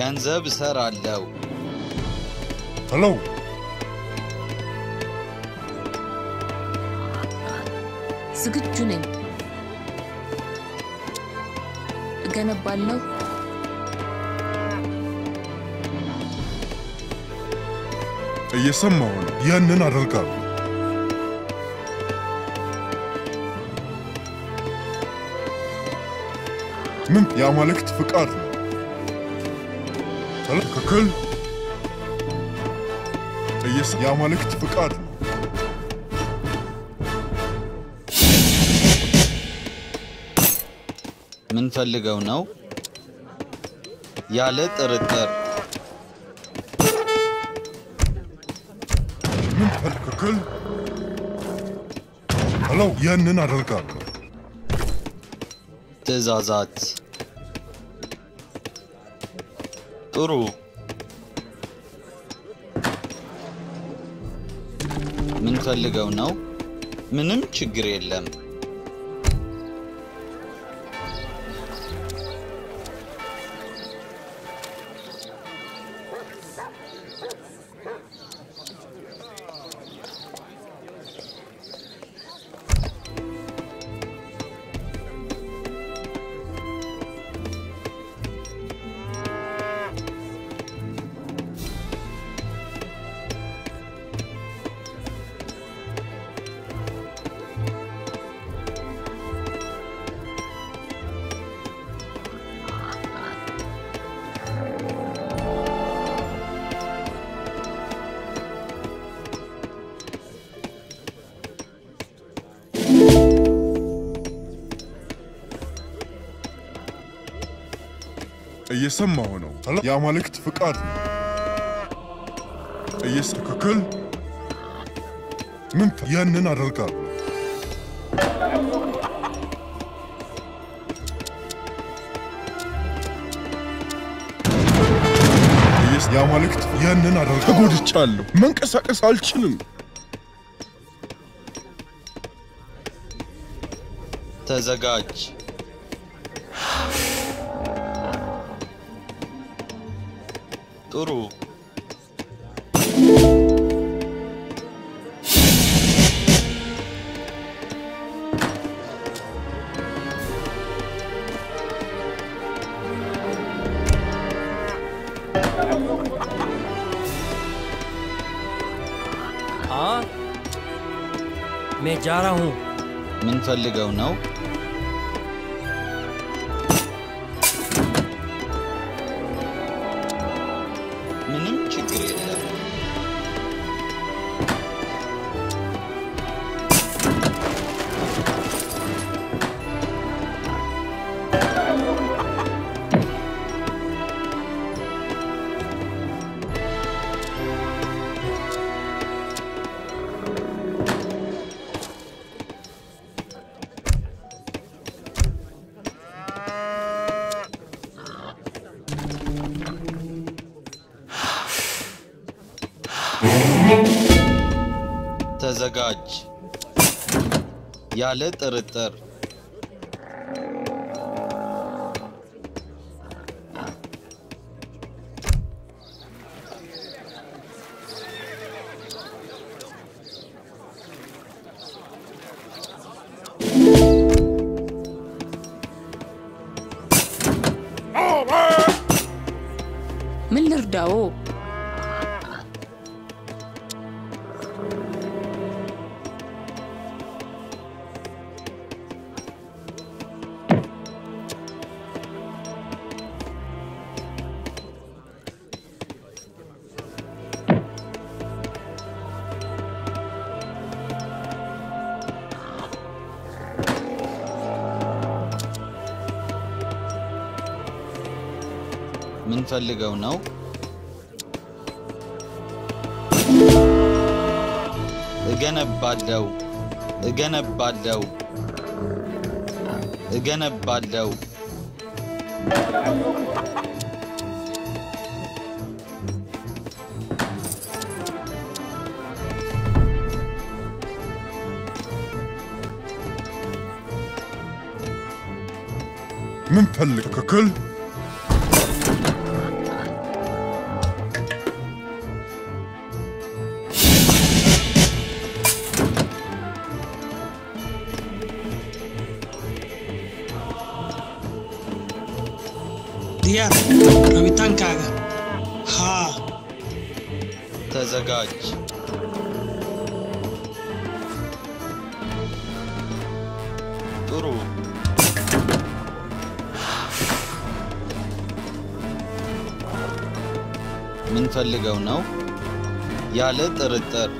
ገንዘብ እሰራለሁ። ሄሎ ዝግጁ ነኝ። እገነባለሁ። እየሰማሁ ነው። ያንን አደርጋለሁ። ምን የአማልክት ፍቃድ ነው። ተለቀቅል የአማልክት ፍቃድ ነው። ምን ፈልገው ነው? ያለ ጥርጥር ምን ፈልክክል አለው። ያንን አደርጋለሁ። ትእዛዛት ጥሩ ምን ፈልገው ነው? ምንም ችግር የለም። እየሰማሁ ነው። የአማልክት ፍቃድ ነው። እየስ ትክክል። ምን ያንን አደርጋለሁ። የአማልክት ያንን አደርጋለሁ። ተጎድቻለሁ። መንቀሳቀስ አልችልም። ተዘጋጅ። शुरू हाँ मैं जा रहा हूँ लेगा नौ ተዘጋጅ። ያለ ጥርጥር የምንፈልገው ነው። እገነባለው እገነባለው እገነባለው منفلك ككل መጀመሪያ ሮቢታን ካገ ሀ ተዘጋጅ ጥሩ ምን ፈልገው ነው? ያለ ጥርጥር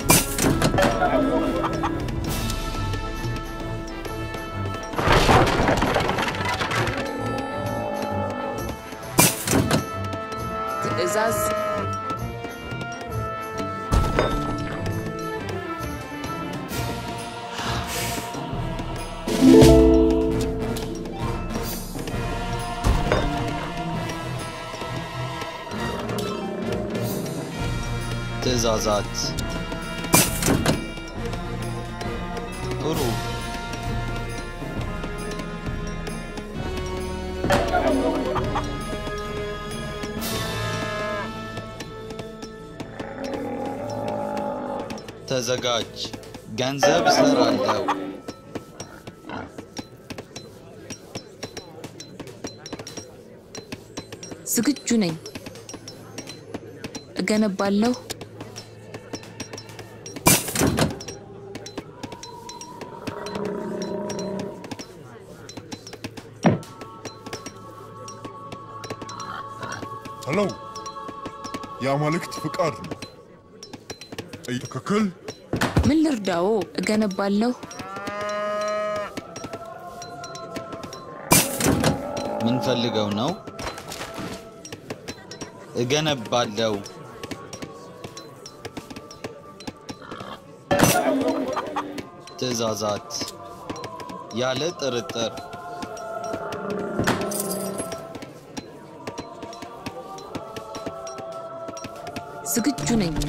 Zaz. Tezazat. ተዘጋጅ፣ ገንዘብ እሰራለሁ። ዝግጁ ነኝ። እገነባለሁ። ሄሎ፣ የአማልክት ፍቃድ ነው። ትክክል ምን ልርዳው? እገነባለሁ። ምን ፈልገው ነው? እገነባለሁ። ትዕዛዛት ያለ ጥርጥር ዝግጁ ነኝ።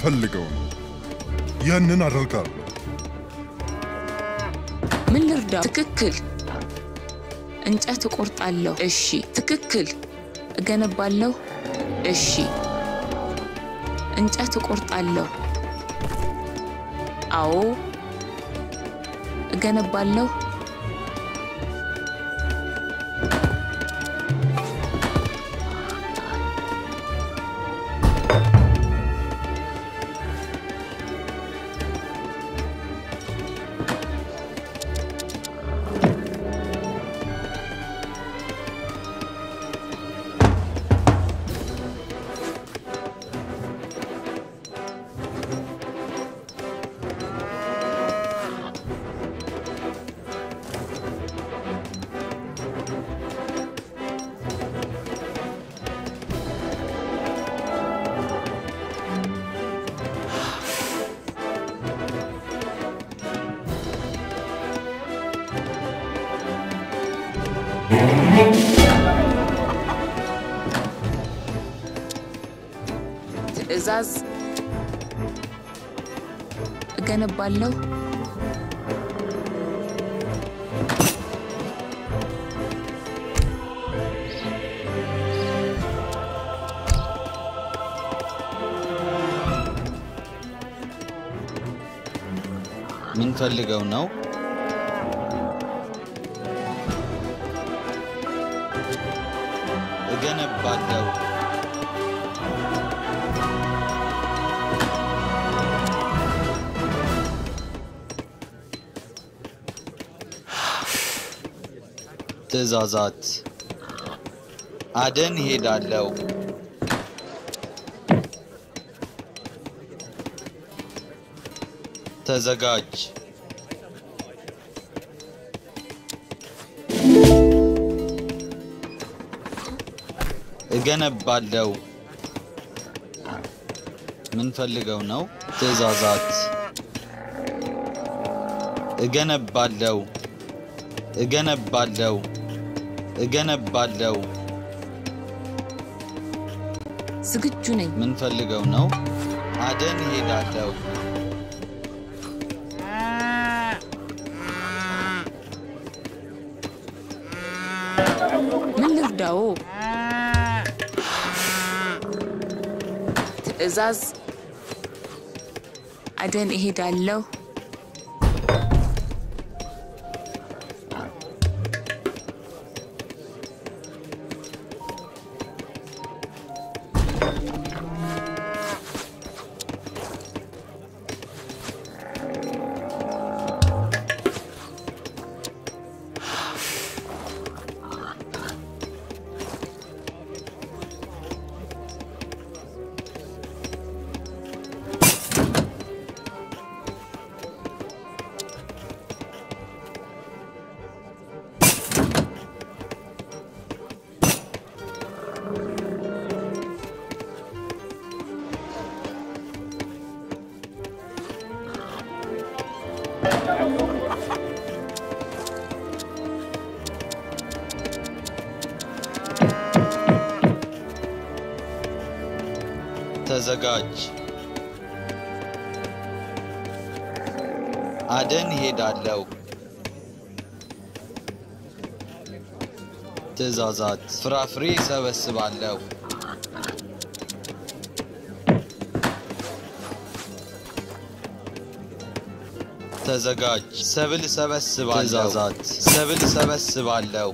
ፈልገው ነው። ያንን አደርጋለሁ። ምን ልርዳ? ትክክል። እንጨት እቆርጣለሁ። እሺ። ትክክል። እገነባለሁ። እሺ። እንጨት እቆርጣለሁ። አዎ። እገነባለሁ። ትዕዛዝ እገነባለሁ። ምን ፈልገው ነው? እገነባለሁ። ትእዛዛት አደን ሄዳለው። ተዘጋጅ። እገነባለው። ምን ፈልገው ነው? ትእዛዛት እገነባለው እገነባለው እገነባለው ዝግጁ ነኝ። ምን ፈልገው ነው? አደን እሄዳለው ምን ልርዳው? ትዕዛዝ አደን እሄዳለሁ። ተዘጋጅ። አደን ሄዳለው። ትእዛዛት፣ ፍራፍሬ ሰበስባለሁ። ተዘጋጅ፣ ሰብል ሰበስባለሁ። ትእዛዛት፣ ሰብል ሰበስባለሁ።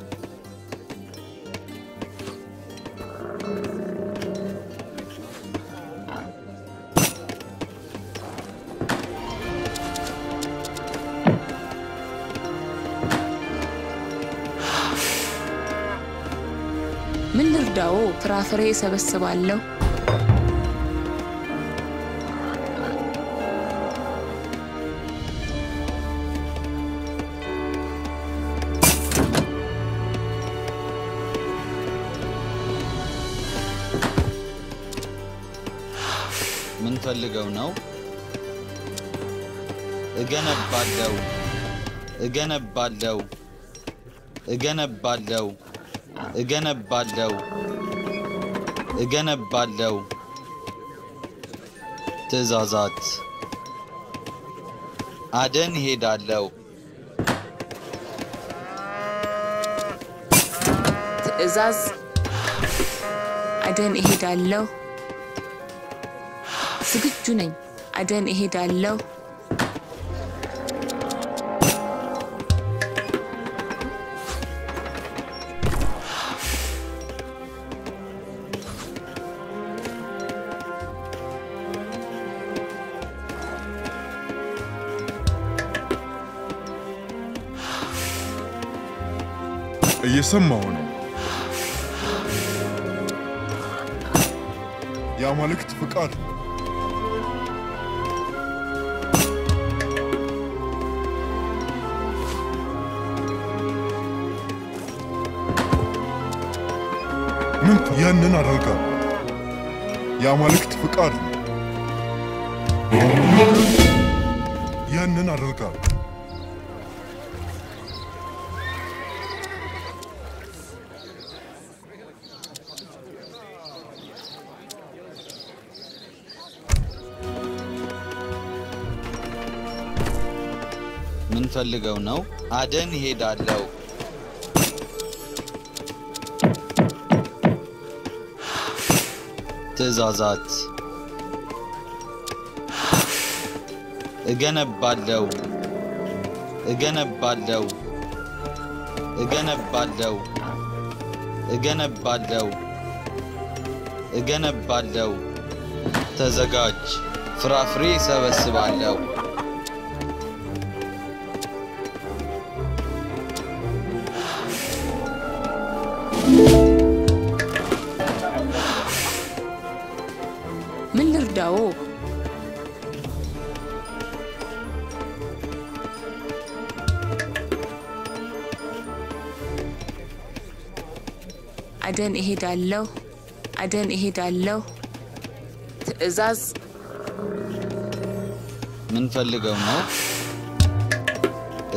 ፍራፍሬ እሰበስባለሁ። ምን ፈልገው ነው? እገነባለው እገነባለው እገነባለው እገነባለው እገነባለው ትእዛዛት አደን ሄዳለው ትእዛዝ አደን እሄዳለሁ ዝግጁ ነኝ አደን እሄዳለሁ። እየሰማሁ የአማልክት ፍቃድ ምን ያንን አደርጋ የአማልክት ፍቃድ ያንን አደርጋል። ፈልገው ነው። አደን ይሄዳለው። ትእዛዛት እገነባለው እገነባለው እገነባለው እገነባለው እገነባለው ተዘጋጅ ፍራፍሬ ሰበስባለው። አደን እሄዳለሁ አደን እሄዳለሁ። ትዕዛዝ ምን ፈልገው ነው?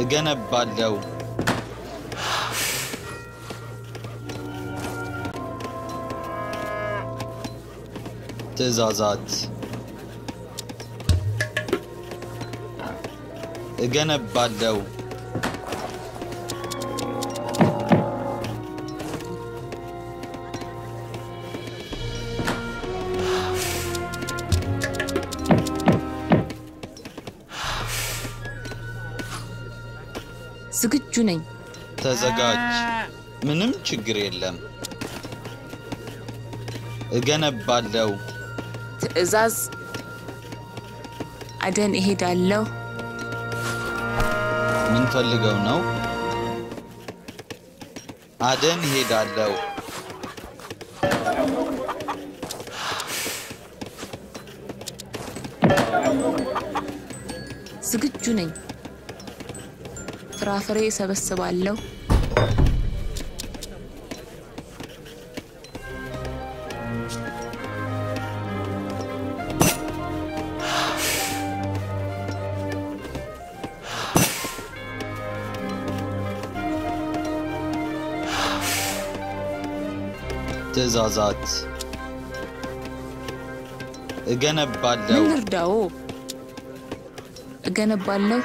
እገነባለሁ። ትዕዛዛት እገነባለሁ። ዝግጁ ነኝ። ተዘጋጅ። ምንም ችግር የለም። እገነባለሁ። ትዕዛዝ አደን እሄዳለሁ። ምን ፈልገው ነው? አደን እሄዳለሁ። ፍራፍሬ እሰበስባለሁ። ትእዛዛት እገነባለሁ። ምን እርዳው? እገነባለሁ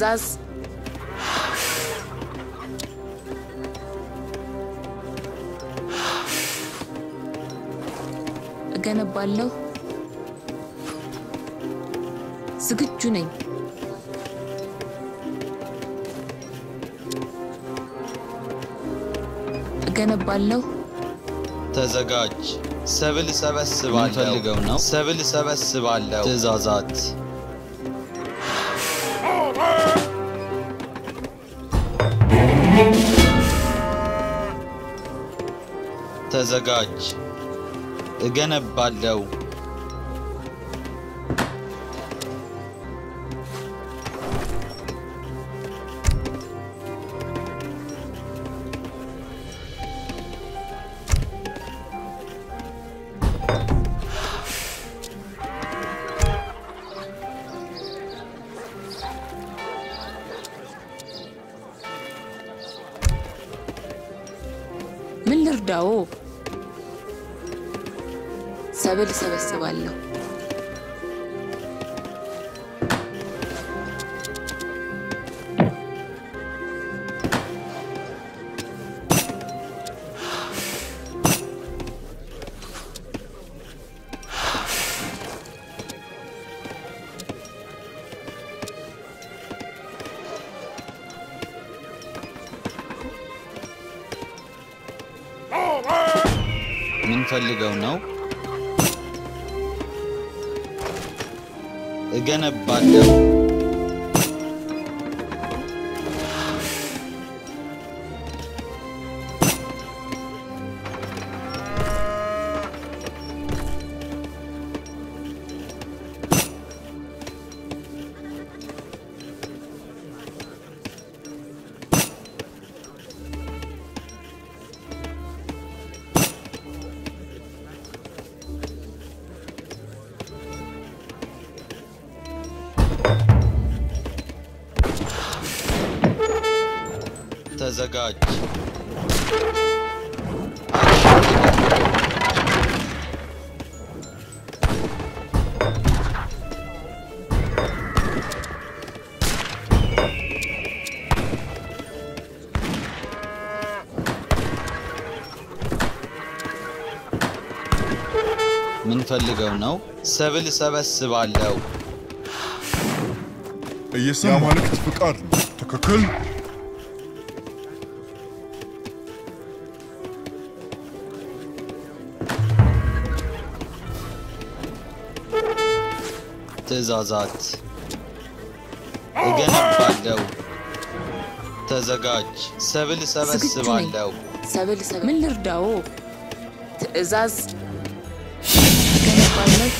ትዕዛዝ እገነባለሁ። ዝግጁ ነኝ። እገነባለሁ። ተዘጋጅ። ሰብል ሰበስባለሁ። ፈልገው ነው። ሰብል ሰበስባለሁ። ትዕዛዛት ተዘጋጅ፣ እገነባለው ሰብል እሰበስባለሁ። ምን ፈልገው ነው? in a bundle. ተዘጋጅ። ፈልገው ነው? ሰብል ሰበስባለሁ። የሰማልክት ፍቃድ ነው። ትክክል ትእዛዛት እገነባለሁ። ተዘጋጅ። ሰብል ሰበስባለሁ። ሰብል ምን ልርዳው? ትእዛዝ እገነባለሁ።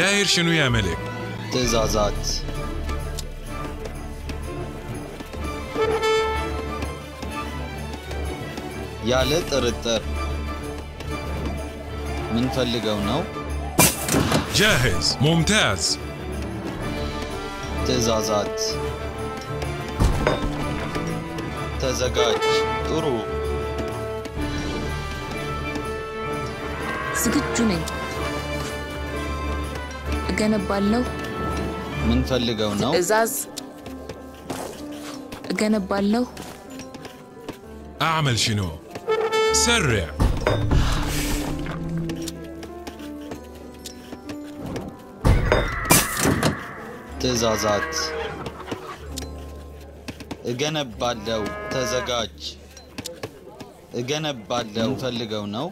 داير شنو يا ملك؟ تزازات ያለ ጥርጥር ምን ፈልገው ነው? ጃህዝ ሙምታዝ ትዕዛዛት ተዘጋጅ። ጥሩ ዝግጁ ነኝ። እገነባለሁ። ምን ፈልገው ነው? ትዕዛዝ እገነባለሁ። አዕመል ሽኖ سرع ትዕዛዛት እገነባለው። ተዘጋጅ። እገነባለው። ፈልገው ነው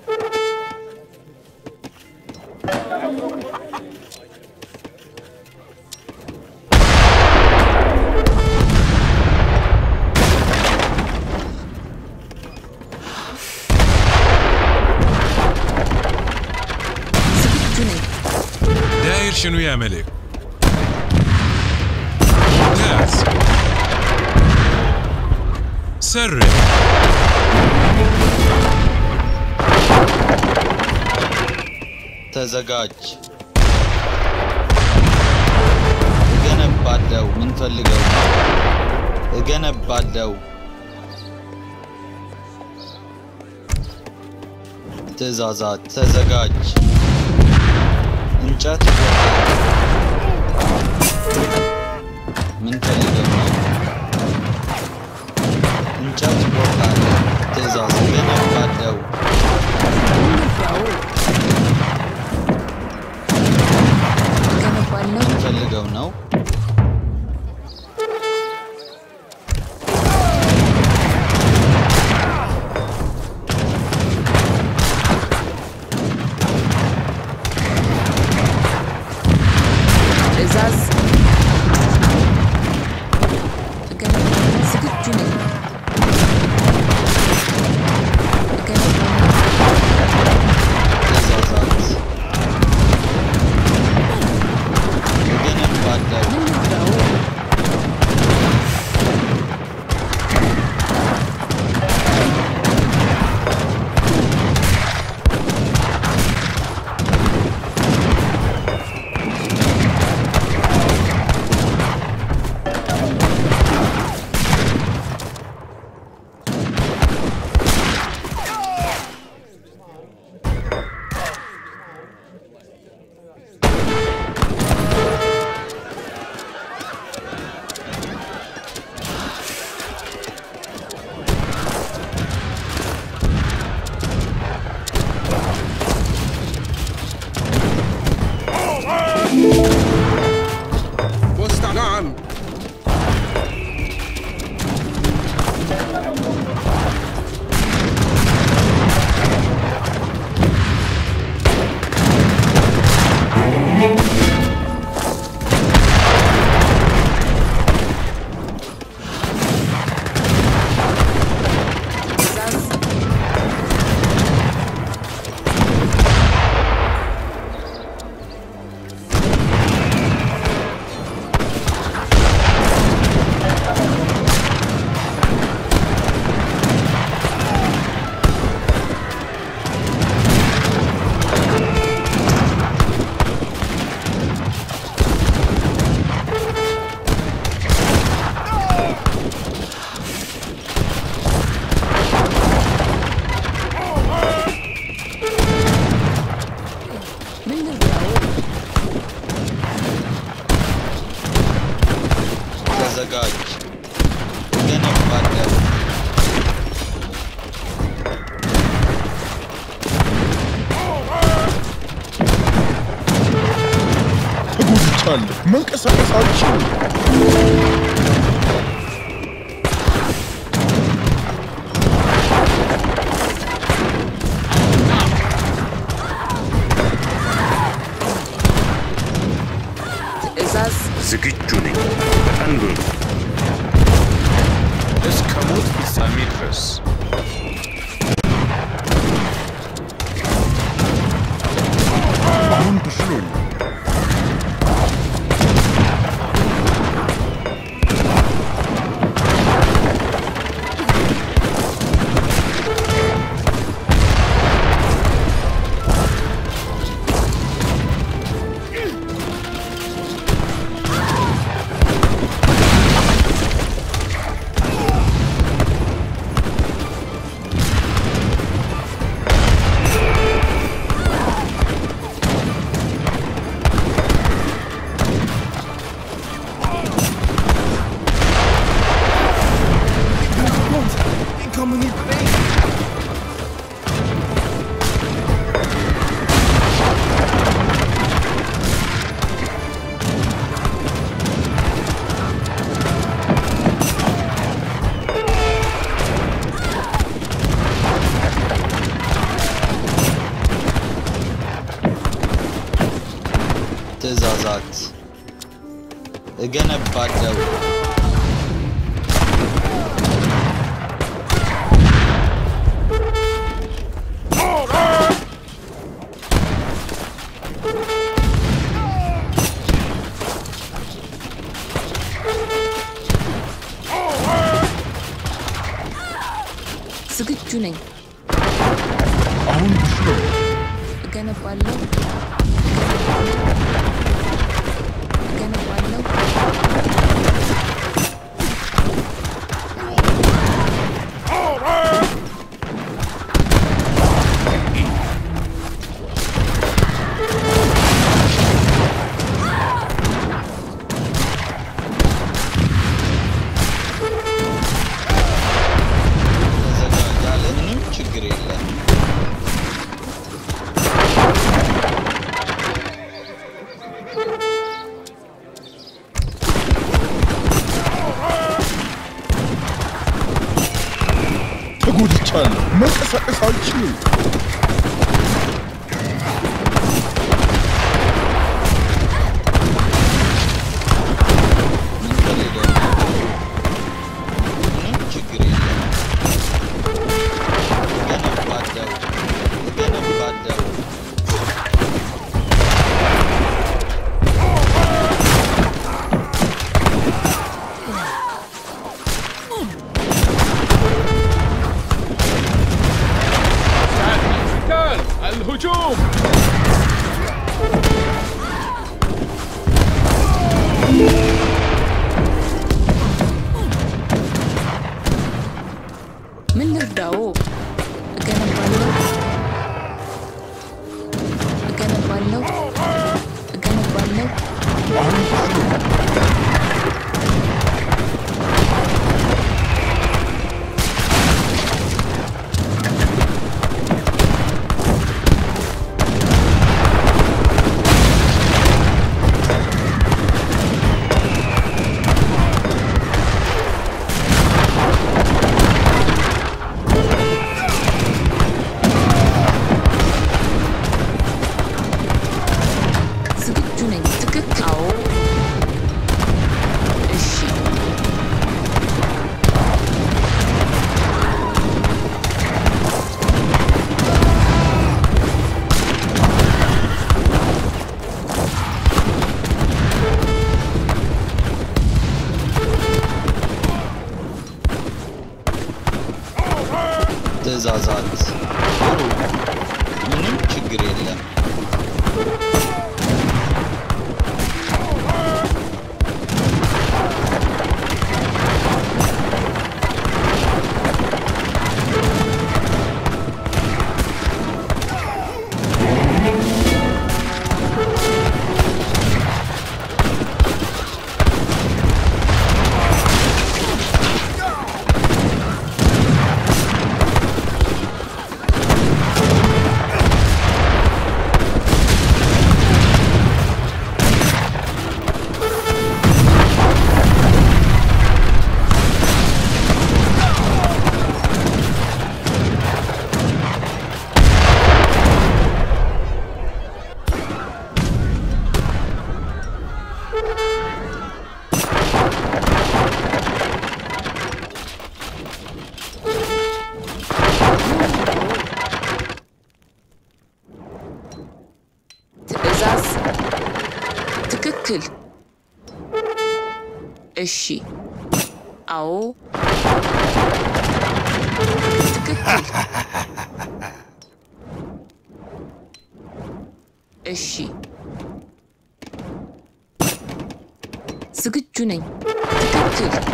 شنو يا ملك ممتاز سرب تزجاج الجنب بعدو منفلقو الجنب بعدو ትእዛዛት ተዘጋጅ። Чат. Менталитет. the guard. They're not bad Tuning, Memphis. Yoshi. Ao. Yoshi. Sıkıç Cüney. Tıkıttır.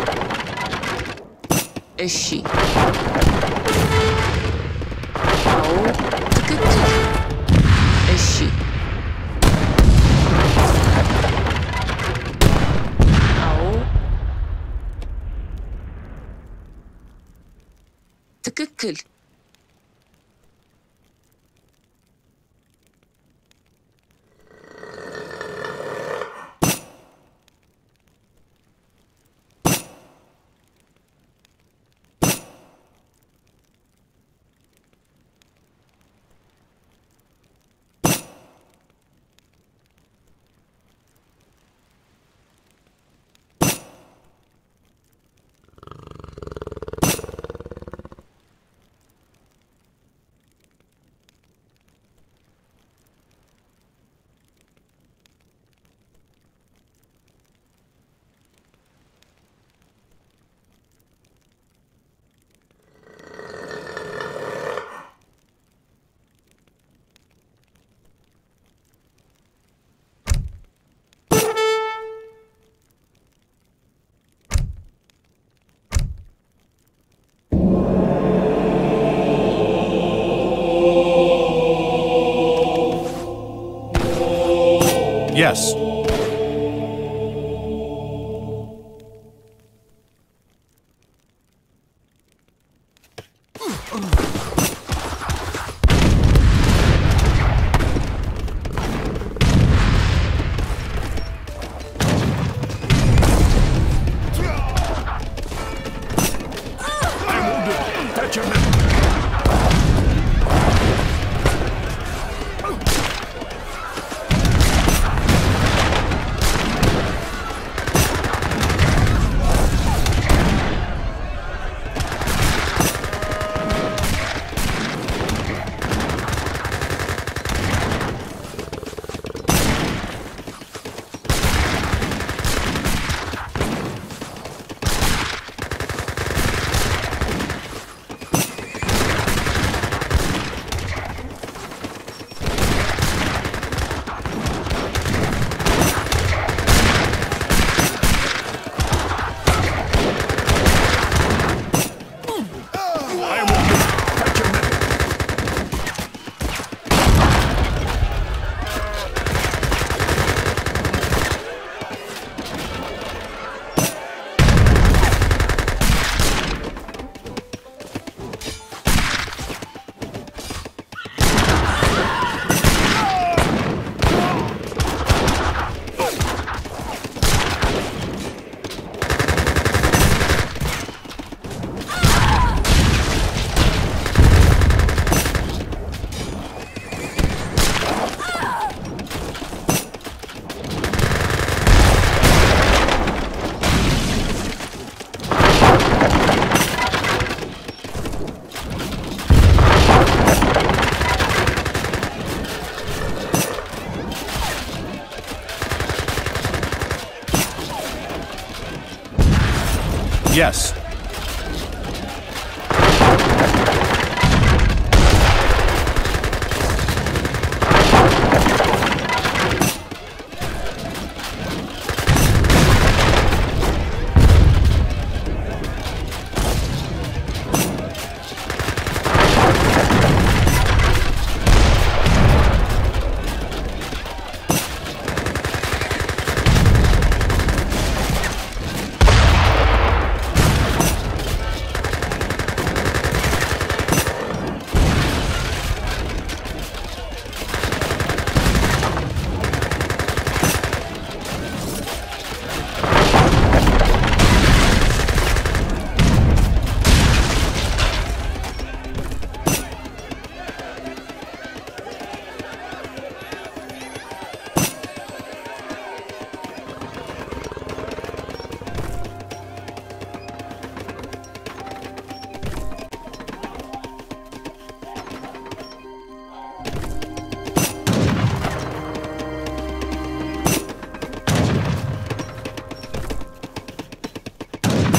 Yes. Yes.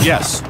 Yes.